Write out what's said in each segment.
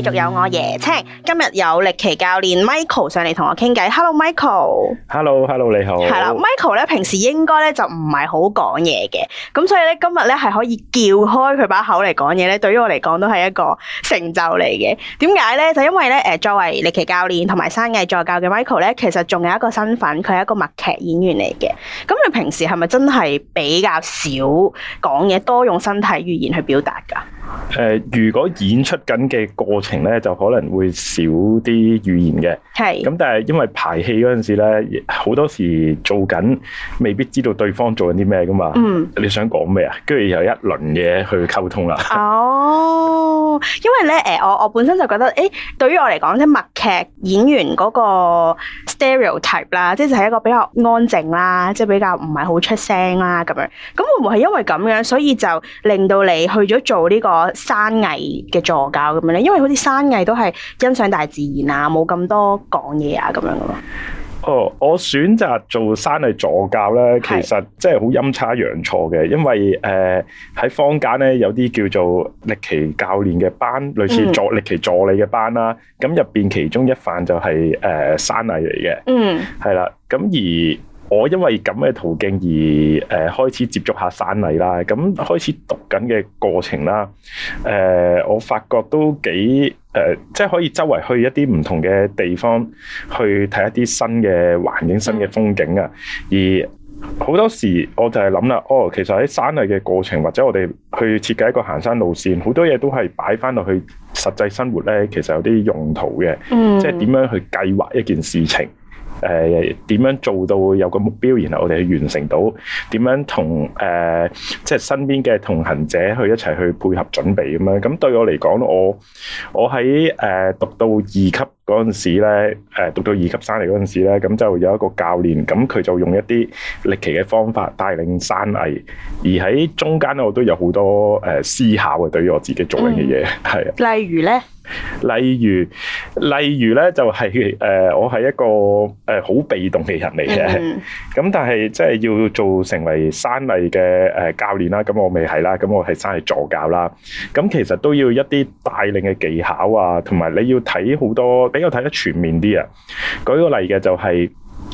繼續有我椰青，今日有歷奇教練 Michael 上嚟同我傾偈。Hello，Michael。Hello，Hello，Hello，你好。係啦，Michael 咧，平時應該咧，就唔係好講嘢嘅，咁所以咧，今日咧係可以叫開佢把口嚟講嘢咧，對於我嚟講都係一個成就嚟嘅。點解咧？就因為咧，誒，作為歷奇教練同埋山藝助教嘅 Michael 咧，其實仲有一個身份，佢係一個默劇演員嚟嘅。咁你平時係咪真係比較少講嘢，多用身體語言去表達㗎？誒，如果演出緊嘅過程咧，就可能會少啲語言嘅，係是。咁但係因為排戲嗰陣時咧，好多時做緊，未必知道對方做緊啲咩噶嘛。嗯，你想講咩啊？跟住有一輪嘢去溝通啦、oh。好。因為咧，誒，我我本身就覺得，誒，對於我嚟講咧，默劇演員嗰個 stereotype 啦，即係就係一個比較安靜啦，即係比較唔係好出聲啦，咁樣，咁會唔會係因為咁樣，所以就令到你去咗做呢個山藝嘅助教咁樣咧？因為好似山藝都係欣賞大自然啊，冇咁多講嘢啊，咁樣噶嘛。哦，oh, 我選擇做山藝助教咧，其實真係好陰差陽錯嘅，因為誒喺、呃、坊間咧有啲叫做歷奇教練嘅班，類似助歷奇助理嘅班啦，咁入邊其中一範就係、是、誒、呃、山藝嚟嘅，嗯，係啦，咁而。我因為咁嘅途徑而誒開始接觸一下山嚟啦，咁開始讀緊嘅過程啦，誒、呃、我發覺都幾誒，即、呃、係、就是、可以周圍去一啲唔同嘅地方去睇一啲新嘅環境、新嘅風景啊。嗯、而好多時我就係諗啦，哦，其實喺山藝嘅過程，或者我哋去設計一個行山路線，好多嘢都係擺翻落去實際生活咧，其實有啲用途嘅，即係點樣去計劃一件事情。誒，點樣做到有個目標，然後我哋去完成到，點樣同誒、即係身邊嘅同行者去一齊去配合準備咁樣。咁對我嚟講，我我喺誒讀到二級。嗰陣時咧，誒讀到二級生嚟嗰陣時咧，咁就有一個教練，咁佢就用一啲歷奇嘅方法帶領山藝，而喺中間咧，我都有好多誒思考嘅，對於我自己做緊嘅嘢，係啊、嗯的。例如咧、就是，例如例如咧，就係誒我係一個誒好被動嘅人嚟嘅，咁、嗯嗯、但係即係要做成為山藝嘅誒教練啦，咁我未係啦，咁我係山藝助教啦，咁其實都要一啲帶領嘅技巧啊，同埋你要睇好多。因為睇得全面啲啊，舉個例嘅就係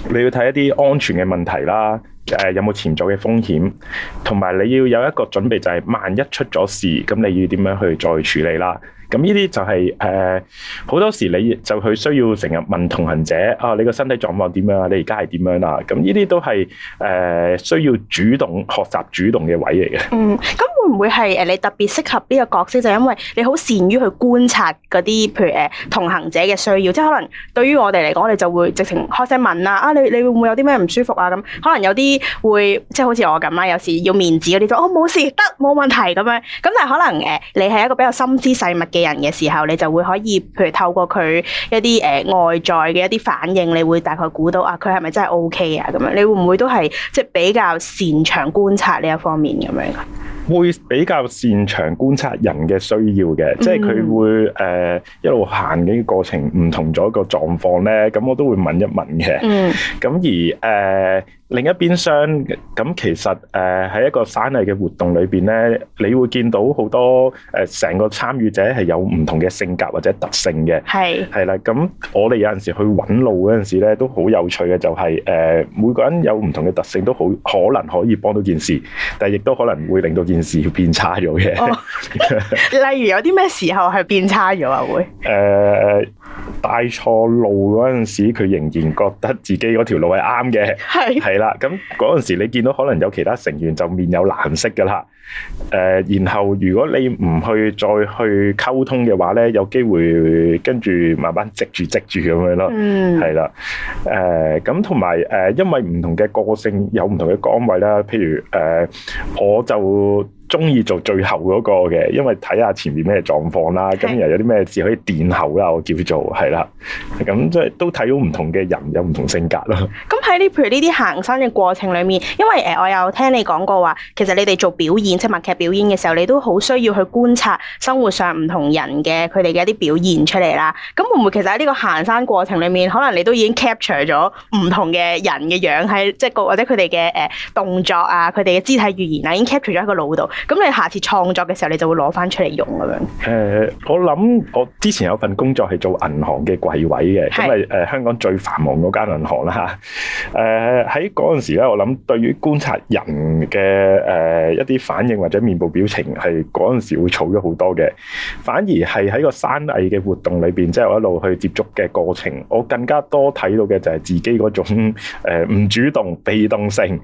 你要睇一啲安全嘅問題啦，誒有冇潛在嘅風險，同埋你要有一個準備就係萬一出咗事，咁你要點樣去再處理啦？咁呢啲就係誒好多時你就去需要成日問同行者啊，你個身體狀況點樣啊？你而家係點樣啊？咁呢啲都係誒需要主動學習主動嘅位嚟嘅。嗯，咁。唔會係誒，你特別適合呢個角色，就係因為你好善於去觀察嗰啲，譬如誒同行者嘅需要，即係可能對於我哋嚟講，你就會直情開聲問啦，啊你你會唔會有啲咩唔舒服啊？咁可能有啲會，即係好似我咁啦，有時要面子嗰啲就哦冇事得冇問題咁樣。咁但係可能誒，你係一個比較心思細密嘅人嘅時候，你就會可以，譬如透過佢一啲誒外在嘅一啲反應，你會大概估到啊佢係咪真係 OK 啊？咁樣你會唔會都係即係比較擅長觀察呢一方面咁樣噶？會比較擅長觀察人嘅需要嘅，即係佢會、呃、一路行嘅過程唔同咗個狀況呢。咁我都會問一問嘅。咁、嗯、而、呃另一邊廂，咁其實誒喺一個山藝嘅活動裏邊咧，你會見到好多誒成個參與者係有唔同嘅性格或者特性嘅。係係啦，咁我哋有陣時候去搵路嗰陣時咧，都好有趣嘅、就是，就係誒每個人有唔同嘅特性都，都好可能可以幫到件事，但係亦都可能會令到件事變差咗嘅、哦。 例如有啲咩時候係變差咗啊？會誒、呃。帶錯路嗰陣時，佢仍然覺得自己嗰條路係啱嘅，係係啦。咁嗰陣時，你見到可能有其他成員就面有難色噶啦。誒，然後如果你唔去再去溝通嘅話咧，有機會跟住慢慢積住積住咁樣咯。嗯，係啦。誒，咁同埋誒，因為唔同嘅個性有唔同嘅崗位啦。譬如誒，我就。中意做最後嗰個嘅，因為睇下前面咩狀況啦，咁又是有啲咩事可以墊後啦，我叫做係啦，咁即係都睇到唔同嘅人有唔同性格咯。咁喺呢，譬如呢啲行山嘅過程裏面，因為誒，我有聽你講過話，其實你哋做表演，即係默劇表演嘅時候，你都好需要去觀察生活上唔同人嘅佢哋嘅一啲表現出嚟啦。咁會唔會其實喺呢個行山過程裏面，可能你都已經 capture 咗唔同嘅人嘅樣喺即係個或者佢哋嘅誒動作啊，佢哋嘅肢體語言啊，已經 capture 咗喺個腦度？咁你下次創作嘅時候，你就會攞翻出嚟用。咁樣、呃、我諗我之前有份工作係做銀行嘅櫃位嘅，咁係香港最繁忙嗰間銀行啦，喺嗰陣時咧，我諗對於觀察人嘅、呃、一啲反應或者面部表情，係嗰陣時會儲咗好多嘅。反而係喺個山藝嘅活動裏面，即、就、係、是、我一路去接觸嘅過程，我更加多睇到嘅就係自己嗰種唔、呃、主動、被動性。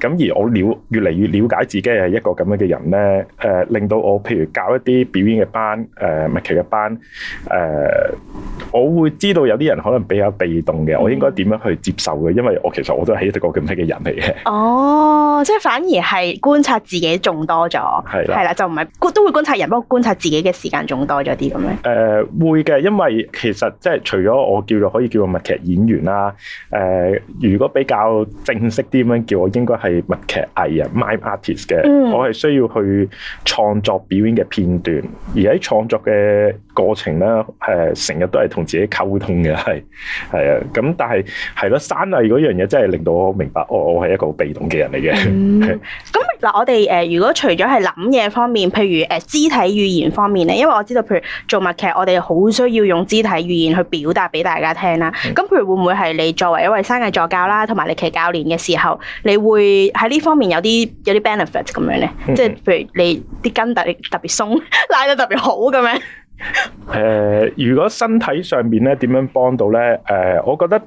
咁而我了越嚟越了解自己係一個咁嘅。嘅人咧，誒，令到我譬如教一啲表演嘅班，誒，默劇嘅班，誒、呃、我會知道有啲人可能比較被動嘅，我應該點樣去接受嘅？因為我其實我都係一個咁嘅人嚟嘅。哦，即係反而係觀察自己仲多咗，係啦，係啦，就唔係都會觀察人，不過觀察自己嘅時間仲多咗啲咁樣，誒，會嘅，因為其實即係除咗我叫做可以叫做默劇演員啦，誒、呃、如果比較正式啲咁樣，叫我應該係默劇藝人 （mime artist） 嘅，我係、嗯，需。需要去創作表演嘅片段，而喺創作嘅。過程咧，誒，成日都係同自己溝通嘅，係係啊，咁但係係咯，山藝嗰樣嘢真係令到我明白，我我係一個被動嘅人嚟嘅。咁嗱，嗯、我哋誒、呃，如果除咗係諗嘢方面，譬如誒、呃、肢體語言方面咧，因為我知道，譬如做默劇，我哋好需要用肢體語言去表達俾大家聽啦。咁、嗯、譬如會唔會係你作為一位山藝助教啦，同埋你其實教練嘅時候，你會喺呢方面有啲有啲 benefit 咁樣咧？即係、嗯、譬如你啲筋特特別鬆，拉得特別好咁樣。誒、 呃，如果身體上面咧，點樣幫到咧？誒，我覺得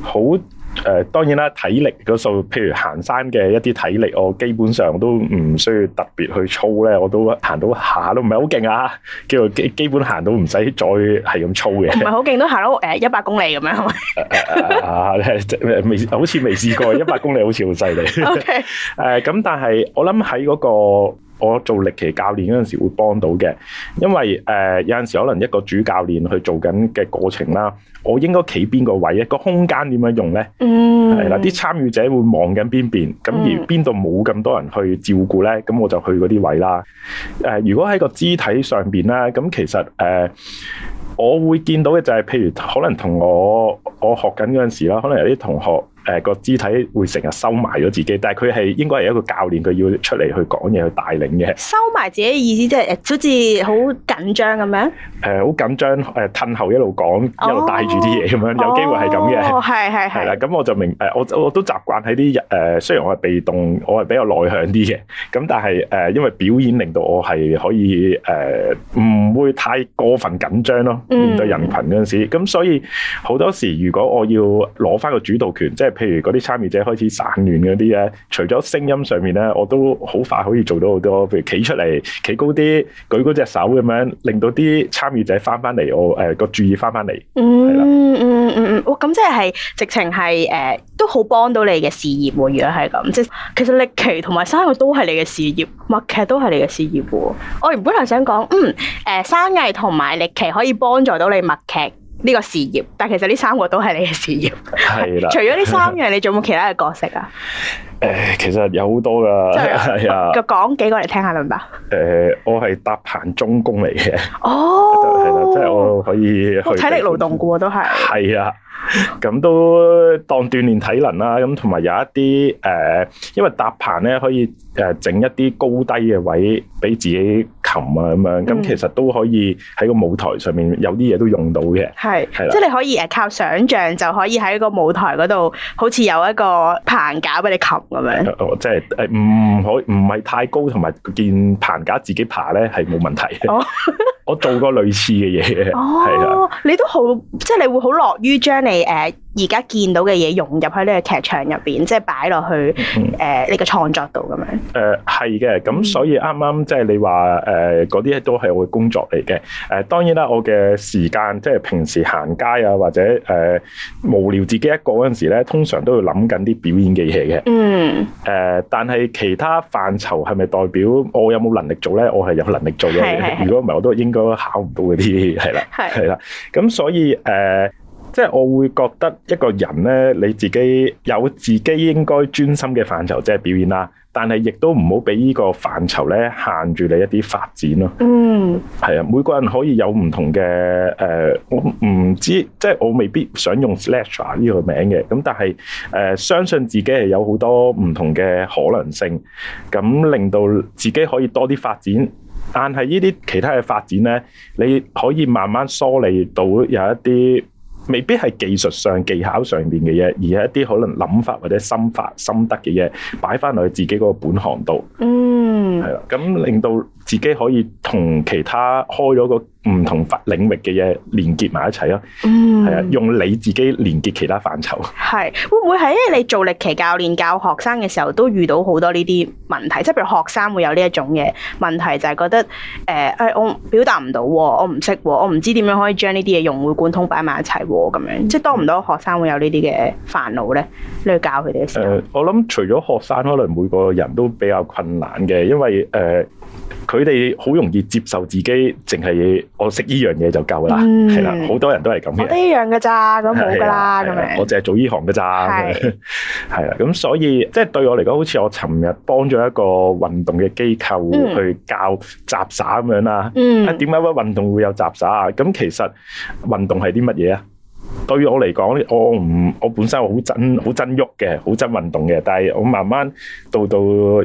好誒、呃，當然啦，體力嗰數，譬如行山嘅一啲體力，我基本上都唔需要特別去操咧，我都行到下，都唔係好勁啊，叫做基基本行到唔使再係咁操嘅，唔係好勁都行到誒一百公里咁樣，係咪、？ 啊？啊，未、啊啊啊啊、好似未試過一百公里好像很，好似好犀利。誒，咁但係我諗喺嗰個。我做歷奇教練嗰陣時會幫到嘅，因為誒有陣時可能一個主教練去做緊嘅過程啦，我應該企邊個位，一個空間點樣用咧？係啦、嗯，啲參與者會望緊邊邊，咁而邊度冇咁多人去照顧咧，咁我就去嗰啲位啦。誒，如果喺個肢體上邊啦，咁其實誒我會見到嘅就係、是，譬如可能同我我學緊嗰陣時啦，可能有啲同學。誒，個、呃、肢體會成日收埋咗自己，但係佢係應該係一個教練，佢要出嚟去講嘢，去帶領嘅。收埋自己意思即係誒，好似好緊張咁樣。誒，好緊張，誒，褪後一路講，哦、一路帶住啲嘢咁樣，有機會係咁嘅。係係係。係啦，咁我就明，誒，我我都習慣喺啲誒，雖然我係被動，我係比較內向啲嘅，咁但係誒、呃，因為表演令到我係可以誒，呃、唔會太過分緊張咯。面對人群嗰陣時，咁、嗯、所以好多時如果我要攞翻個主導權，即係。譬如嗰啲參與者開始散亂嗰啲咧，除咗聲音上面咧，我都好快可以做到好多。譬如企出嚟，企高啲，舉嗰隻手咁樣，令到啲參與者翻翻嚟，我誒個注意翻翻嚟。嗯嗯嗯嗯，哇、嗯！咁即係係直情係誒，都好幫到你嘅事業喎。如果係咁即係，其實歷奇同埋山藝都係你嘅事業，默劇都係你嘅事業喎。我原本係想講，嗯誒、呃，山藝同埋歷奇可以幫助到你默劇。呢個事業，但其實呢三個都係你嘅事業，係啦。除咗呢三樣，你仲有冇其他嘅角色啊？誒，其實有好多噶，係啊。個講的幾個嚟聽下，得唔得？誒、呃，我係搭棚中工嚟嘅。哦，即係 就是、我可以去、哦，我體力勞動嘅喎，都係。係啊，咁都當鍛鍊體能啦。咁同埋有一啲誒、呃，因為搭棚咧可以誒整一啲高低嘅位俾自己。琴啊咁樣，咁其實都可以喺是的個舞台上面有啲嘢都用到嘅。係，係啦，即係你可以誒靠想象就可以喺個舞台嗰度，好似有一個棚架俾你琴咁樣。哦，即係誒唔可唔係太高，同埋見棚架自己爬咧係冇問題的。我、哦、 我做過類似嘅嘢嘅。哦的，你都好，即係你會好樂於將你誒。Uh 而家見到嘅嘢融入喺呢個劇場入邊，即係擺落去誒你嘅創作度咁樣。誒係嘅，咁所以啱啱即係你話誒嗰啲都係我嘅工作嚟嘅。誒、呃、當然啦，我嘅時間即係平時行街啊，或者誒、呃、無聊自己一個嗰陣時咧，通常都要諗緊啲表演嘅嘢嘅。嗯。誒、呃，但係其他範疇係咪代表我有冇能力做咧？我係有能力做嘅。如果唔係，我都是應該考唔到嗰啲係啦，係啦。咁的所以誒。呃即係我會覺得一個人咧，你自己有自己應該專心嘅範疇，即係表演啦。但係亦都唔好俾呢個範疇咧限住你一啲發展咯。嗯，係啊，每個人可以有唔同嘅誒、呃，我唔知，即係我未必想用 slash 呢個名嘅。咁但係誒、呃，相信自己係有好多唔同嘅可能性，咁令到自己可以多啲發展。但係呢啲其他嘅發展咧，你可以慢慢梳理到有一啲。未必係技術上、技巧上面嘅嘢，而係一啲可能諗法或者心法、心得嘅嘢擺翻落去自己嗰個本行度。嗯，係啦，咁令到。自己可以同其他開咗個唔同範領域嘅嘢連結埋一齊咯，係、嗯、啊，用你自己連結其他範疇是。係會唔會係因為你做歷奇教練教學生嘅時候，都遇到好多呢啲問題，即係譬如學生會有呢一種嘅問題，就係、是、覺得誒誒、欸，我表達唔到，我唔識，我唔知點樣可以將呢啲嘢融會貫通擺埋一齊，咁樣即係多唔多學生會有呢啲嘅煩惱咧？你去教佢哋嘅時候、呃、我諗除咗學生，可能每個人都比較困難嘅，因為誒。呃佢哋好容易接受自己，淨係我食呢樣嘢就夠啦，係啦、嗯，好多人都係咁樣，我樣都呢樣嘅咋，咁冇噶啦，咁我淨係做呢行嘅咋，係啦的。咁 所以即係、就是、對我嚟講，好似我尋日幫咗一個運動嘅機構去教雜耍咁樣啦。嗯，點解、啊、運動會有雜耍啊？咁其實運動係啲乜嘢啊？對於我嚟講，我唔，我本身好真，好真喐嘅，好真運動嘅。但係我慢慢到到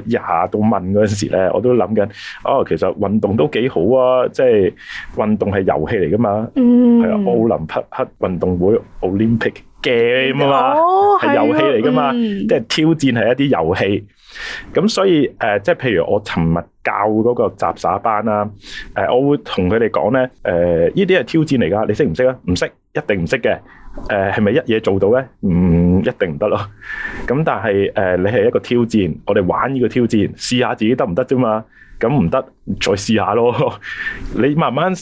廿到問嗰陣時咧，我都諗緊，哦，其實運動都幾好啊！即係運動係遊戲嚟噶嘛，係啊、嗯，奧林匹克運動會 Olympic Game 啊嘛，係、哦、遊戲嚟噶嘛，嗯、即係挑戰係一啲遊戲。咁所以誒、呃，即係譬如我尋日教嗰個雜耍班啦，誒、呃，我會同佢哋講咧，誒、呃，呢啲係挑戰嚟噶，你識唔識啊？唔識。一定唔識嘅，誒係咪一嘢做到咧？唔、嗯、一定唔得咯。咁但係誒、呃，你係一個挑戰，我哋玩呢個挑戰，試下自己得唔得啫嘛？咁唔得再試下咯。你慢慢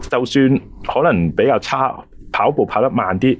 就算可能比較差，跑步跑得慢啲，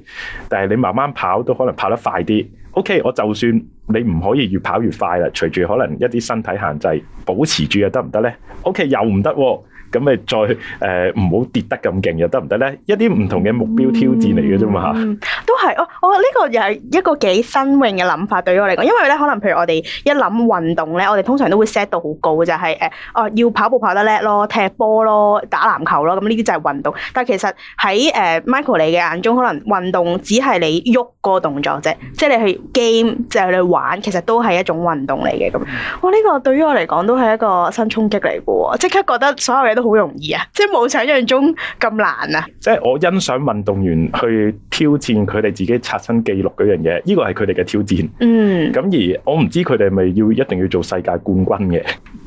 但係你慢慢跑都可能跑得快啲。OK，我就算你唔可以越跑越快啦，隨住可能一啲身體限制，保持住又得唔得咧？OK，又唔得喎。咁咪再誒唔好跌得咁勁又得唔得咧？一啲唔同嘅目標挑戰嚟嘅啫嘛嚇，都係哦，我、哦、呢、呢個又係一個幾新穎嘅諗法，對於我嚟講，因為咧可能譬如我哋一諗運動咧，我哋通常都會 set 到好高就係、是、誒哦要跑步跑得叻咯，踢波咯，打籃球咯，咁呢啲就係運動。但係其實喺誒、呃、Michael 你嘅眼中，可能運動只係你喐個動作啫，即係你去 game 就係你去玩，其實都係一種運動嚟嘅咁。哇、哦！呢、呢個對於我嚟講都係一個新衝擊嚟嘅喎，即刻覺得所有嘢都～好容易啊！即係冇想象中咁難啊！即係我欣賞運動員去挑戰佢哋自己刷新紀錄嗰樣嘢，呢個係佢哋嘅挑戰。嗯，咁而我唔知佢哋係咪要一定要做世界冠軍嘅。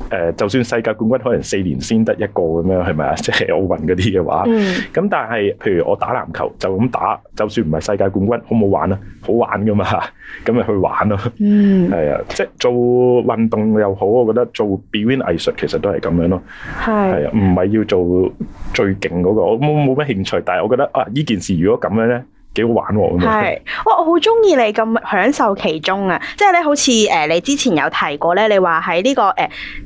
誒，就算世界冠軍可能四年先得一個咁樣，係咪啊？即係奧運嗰啲嘅話，咁，嗯，但係，譬如我打籃球就咁打，就算唔係世界冠軍，好唔好玩啊？好玩噶嘛，咁咪去玩咯。係啊，嗯，即係做運動又好，我覺得做表演藝術其實都係咁樣咯。係，係啊，唔係要做最勁嗰個，我冇冇咩興趣。但係我覺得啊，呢件事如果咁樣咧。幾好玩喎！係，哇！我好鍾意你咁享受其中啊！即係你好似你之前有提過你話喺呢個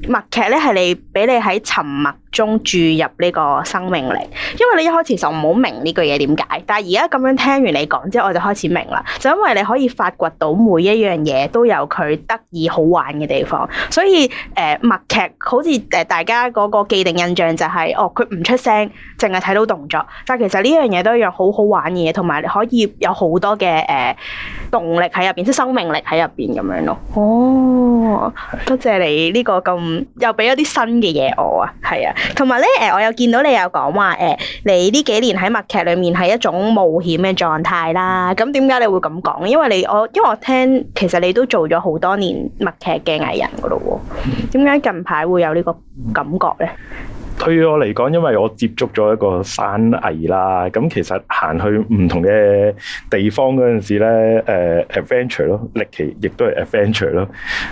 默劇呢，係你俾你喺沉默中注入呢個生命力，因為你一開始就唔好明呢句嘢點解，但係而家咁樣聽完你講之後，我就開始明啦。就因為你可以發掘到每一樣嘢都有佢得意好玩嘅地方，所以誒默劇好似誒大家嗰個既定印象就係、是、哦佢唔出聲，淨係睇到動作，但係其實呢樣嘢都一樣好好玩嘅嘢，同埋你可以有好多嘅誒、呃、動力喺入邊，即生命力喺入邊咁樣咯。哦，多謝你呢個咁又俾一啲新嘅嘢我啊，係啊。同埋咧，誒，我有見到你有講話，誒，你呢幾年喺默劇裏面係一種冒險嘅狀態啦。咁點解你會咁講？因為你我，因為我聽，其實你都做咗好多年默劇嘅藝人噶咯喎。點解近排會有呢個感覺咧？對我嚟講，因為我接觸咗一個山藝啦，咁其實行去唔同嘅地方嗰陣時咧、呃、adventure 咯，歷奇亦都係 adventure 咯。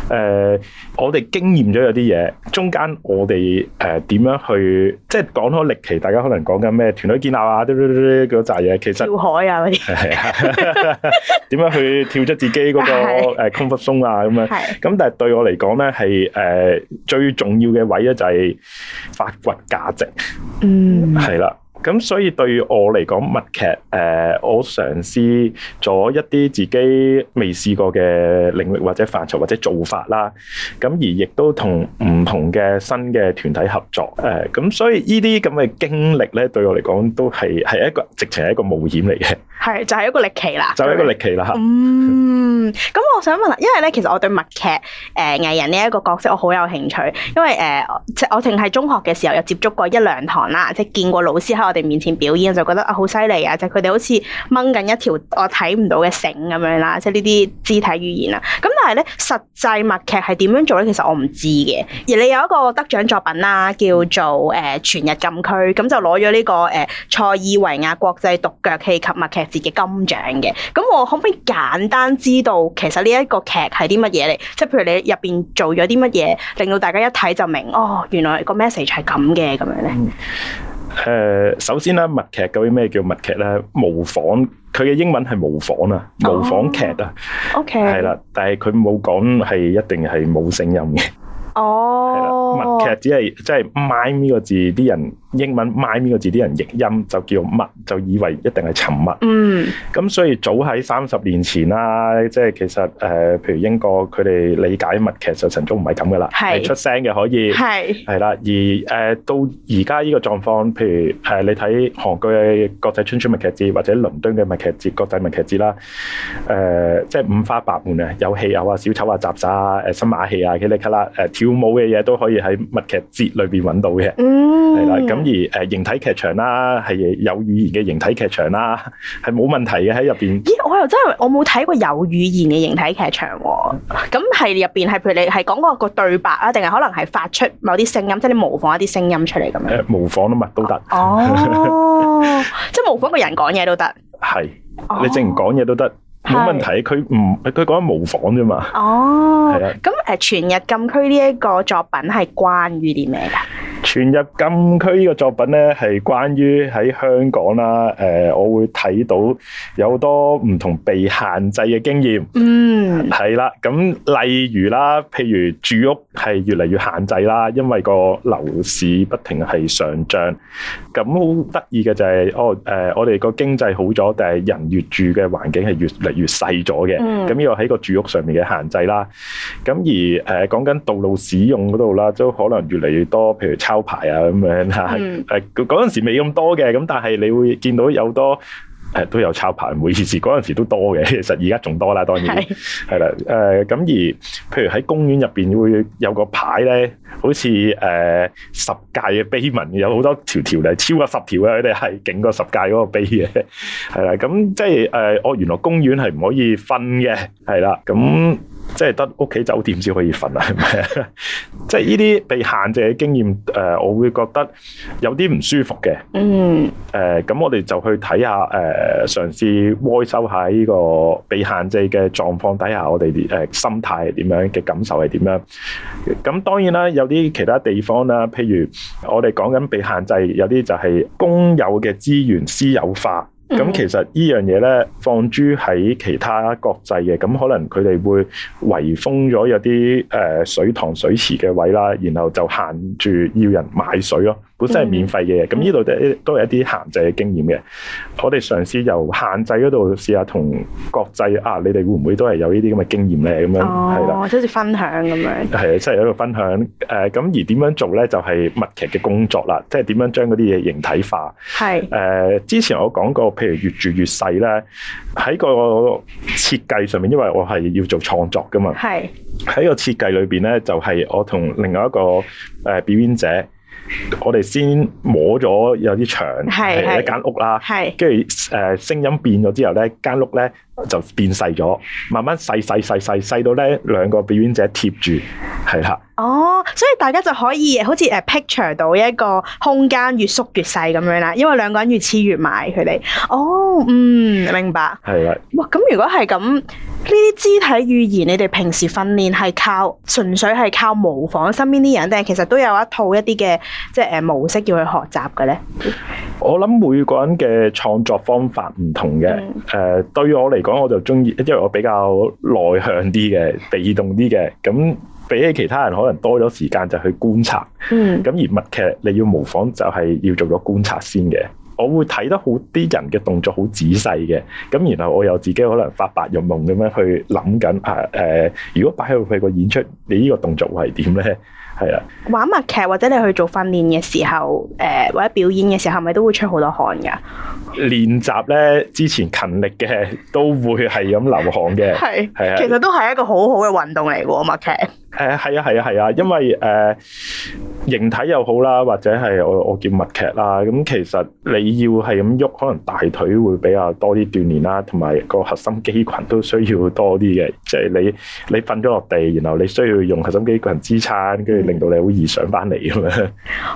呃、我哋經驗咗有啲嘢，中間我哋誒點樣去，即係講開歷奇，大家可能講緊咩團隊建立啊，啲啲嗰扎嘢，其實跳海啊，點 樣去跳出自己嗰個誒 comfort zone 啊咁樣。咁是但係對我嚟講咧，係誒、呃、最重要嘅位咧就係發掘。價值，嗯，係啦。咁所以對我嚟講，默劇誒，我嘗試咗一啲自己未試過嘅領域或者範疇或者做法啦。咁而亦都同唔同嘅新嘅團體合作誒。咁所以呢啲咁嘅經歷咧，對我嚟講都係係一個直情係一個冒險嚟嘅。係，就係一個歷奇啦。就係一個歷奇啦。嗯。咁我想問啦，因為咧，其實我對默劇誒藝人呢一個角色我好有興趣，因為誒，我淨係中學嘅時候有接觸過一兩堂啦，即係見過老師。我哋面前表演，我就覺得啊好犀利啊！就佢、是、哋好似掹緊一條我睇唔到嘅繩咁樣啦，即係呢啲肢體語言啦。咁但係咧，實際默劇係點樣做咧？其實我唔知嘅。而你有一個得獎作品啦，叫做誒、呃《全日禁區》拿了這個，咁就攞咗呢個誒塞爾維亞國際獨腳戲及默劇節嘅金獎嘅。咁我可唔可以簡單知道其實呢一個劇係啲乜嘢嚟？即、就、係、是、譬如你入邊做咗啲乜嘢，令到大家一睇就明哦，原來個 message 係咁嘅咁樣咧？誒，首先啦，默劇究竟咩叫默劇咧？模仿佢嘅英文係模仿啊，模仿劇啊、oh,，OK，係啦，但係佢冇講係一定係冇聲音嘅。哦、oh.，係啦，默劇只係即係 mime 呢個字，啲人。英文 mime 呢個字，啲人譯音就叫默，就以為一定係沉默。嗯。咁所以早喺三十年前啦，即係其實誒、呃，譬如英國佢哋理解默劇其實從早唔係咁噶啦，係是 出聲嘅可以。係。係啦，而誒、呃、到而家呢個狀況，譬如係、呃、你睇韓國嘅國際春川默劇節，或者倫敦嘅默劇節、國際默劇節啦，誒、呃、即係五花八門嘅，有戲友啊、小丑雜啊、雜耍啊、誒新馬戲啊、吉力卡啦誒跳舞嘅嘢都可以喺默劇節裏邊揾到嘅、嗯。嗯。係啦，咁。咁而誒形體劇場啦，係有語言嘅形體劇場啦，係冇問題嘅喺入邊。咦？我又真係我冇睇過有語言嘅形體劇場喎。咁係入邊係譬如你係講嗰個對白啊，定係可能係發出某啲聲音，即係你模仿一啲聲音出嚟咁樣？誒，模仿啊嘛，都得。哦，即係模仿個人講嘢都得。係，你即係唔講嘢都得，冇問題。佢唔佢講模仿啫嘛。哦，係呀。咁誒，全日禁區呢一個作品係關於啲咩嘅？傳入禁區呢個作品咧，係關於喺香港啦。誒、呃，我會睇到有好多唔同被限制嘅經驗。嗯，係啦、啊。咁例如啦，譬如住屋係越嚟越限制啦，因為個樓市不停係上漲。咁好得意嘅就係、是，哦，誒、呃，我哋個經濟好咗，但係人越住嘅環境係越嚟越細咗嘅。咁呢個喺個住屋上面嘅限制啦。咁而誒，講、呃、緊道路使用嗰度啦，都可能越嚟越多，譬如。抄牌啊咁樣吓，誒嗰陣時未咁多嘅，咁但係你會見到有多誒都有抄牌，唔好意思，嗰陣時都多嘅，其實而家仲多啦，當然係啦，誒咁是、呃、而譬如喺公園入邊會有個牌咧，好似誒、呃、十屆嘅碑文，有好多條條超過十條嘅，佢哋係勁過十屆嗰個碑嘅，係啦，咁即係誒我原來公園係唔可以瞓嘅，係啦咁。即係得屋企酒店先可以瞓啦，係咪？ 即係呢啲被限制嘅經驗，誒，我會覺得有啲唔舒服嘅。嗯。誒、呃，咁我哋就去睇、呃、下，誒，嘗試吸收下呢個被限制嘅狀況底下，我哋誒、呃、心態係點樣嘅感受係點樣。咁當然啦，有啲其他地方啦，譬如我哋講緊被限制，有啲就係公有嘅資源私有化。咁其實呢樣嘢咧，放諸喺其他國際嘅，咁可能佢哋會圍封咗有啲誒水塘水池嘅位啦，然後就限住要人買水咯。本身係免費嘅，咁呢度都都係一啲限制嘅經驗嘅。我哋嘗試由限制嗰度試下同國際啊，你哋會唔會都係有呢啲咁嘅經驗咧？咁樣係啦，好似、哦、了分享咁樣。係啊，即係喺度分享誒。咁、呃、而點樣做咧，就係默劇嘅工作啦。即係點樣將嗰啲嘢形體化。係誒是、呃，之前我講過，譬如越住越細咧，喺個設計上面，因為我係要做創作噶嘛。係喺是個設計裏面咧，就係、是、我同另外一個表演者。我哋先摸咗有啲牆，係係係一間屋啦，跟住誒聲音變咗之後咧，間屋咧，就變細咗，慢慢細細細細細到咧，兩個表演者貼住，係啦。哦，所以大家就可以好似誒 picture 到一個空間越縮越細咁樣啦，因為兩個人越黐越埋佢哋。哦，嗯，明白。係啦的。哇，咁如果係咁，呢啲肢體語言，你哋平時訓練係靠純粹係靠模仿身邊啲人，定係其實都有一套一啲嘅即係模式，要去學習嘅呢？我諗每個人嘅創作方法唔同嘅，誒、嗯呃，對於我嚟講我就中意，因為我比較內向啲嘅、被動啲嘅，咁比起其他人可能多咗時間就去觀察。嗯，咁而默劇你要模仿就係要做咗觀察先嘅。我會睇得好啲人嘅動作好仔細嘅，咁然後我又自己可能發白日夢咁樣去諗緊啊誒、呃，如果擺喺佢個演出，你呢個動作會係點咧？係啊，是玩默劇或者你去做訓練嘅時候，誒、呃、或者表演嘅時候，係咪都會出好多汗噶？練習咧，之前勤力嘅都會係咁流汗嘅，係，其實都係一個好好嘅運動嚟噶，默劇。誒係啊係啊係啊，啊，因為誒、呃、形體又好啦，或者係我我叫默劇啦，咁其實你要係咁喐，可能大腿會比較多啲鍛鍊啦，同埋個核心肌群都需要多啲嘅。即、就、係、是、你你瞓咗落地，然後你需要用核心肌群支撐，跟住令到你好易上翻嚟咁樣。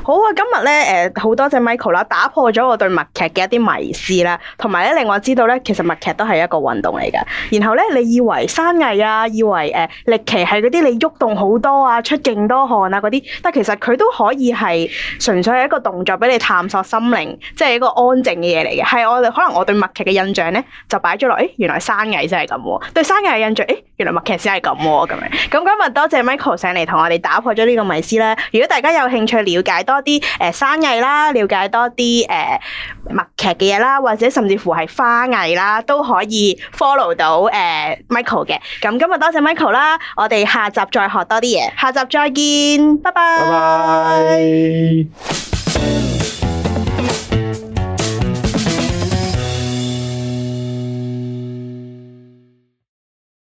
好啊，今日咧誒好多謝 Michael 啦，打破咗我對默劇嘅一啲迷思啦，同埋咧令我知道咧，其實默劇都係一個運動嚟㗎。然後咧，你以為山藝啊，以為誒、呃、歷奇係嗰啲你喐動，動。好多啊，出勁多汗啊，嗰啲，但其實佢都可以係純粹係一個動作俾你探索心靈，即係一個安靜嘅嘢嚟嘅。係我哋可能我對默劇嘅印象咧，就擺咗落，誒，原來山藝先係咁喎。對山藝嘅印象，誒，原來默劇先係咁喎，咁樣。咁今日多謝，謝 Michael 上嚟同我哋打破咗呢個迷思啦。如果大家有興趣了解多啲、呃、山藝啦，了解多啲誒默劇嘅嘢啦，或者甚至乎係花藝啦，都可以 follow 到、呃、Michael 嘅。咁今日多謝，謝 Michael 啦，我哋下集再學。學多啲嘢，下集再見，拜拜 bye。Bye bye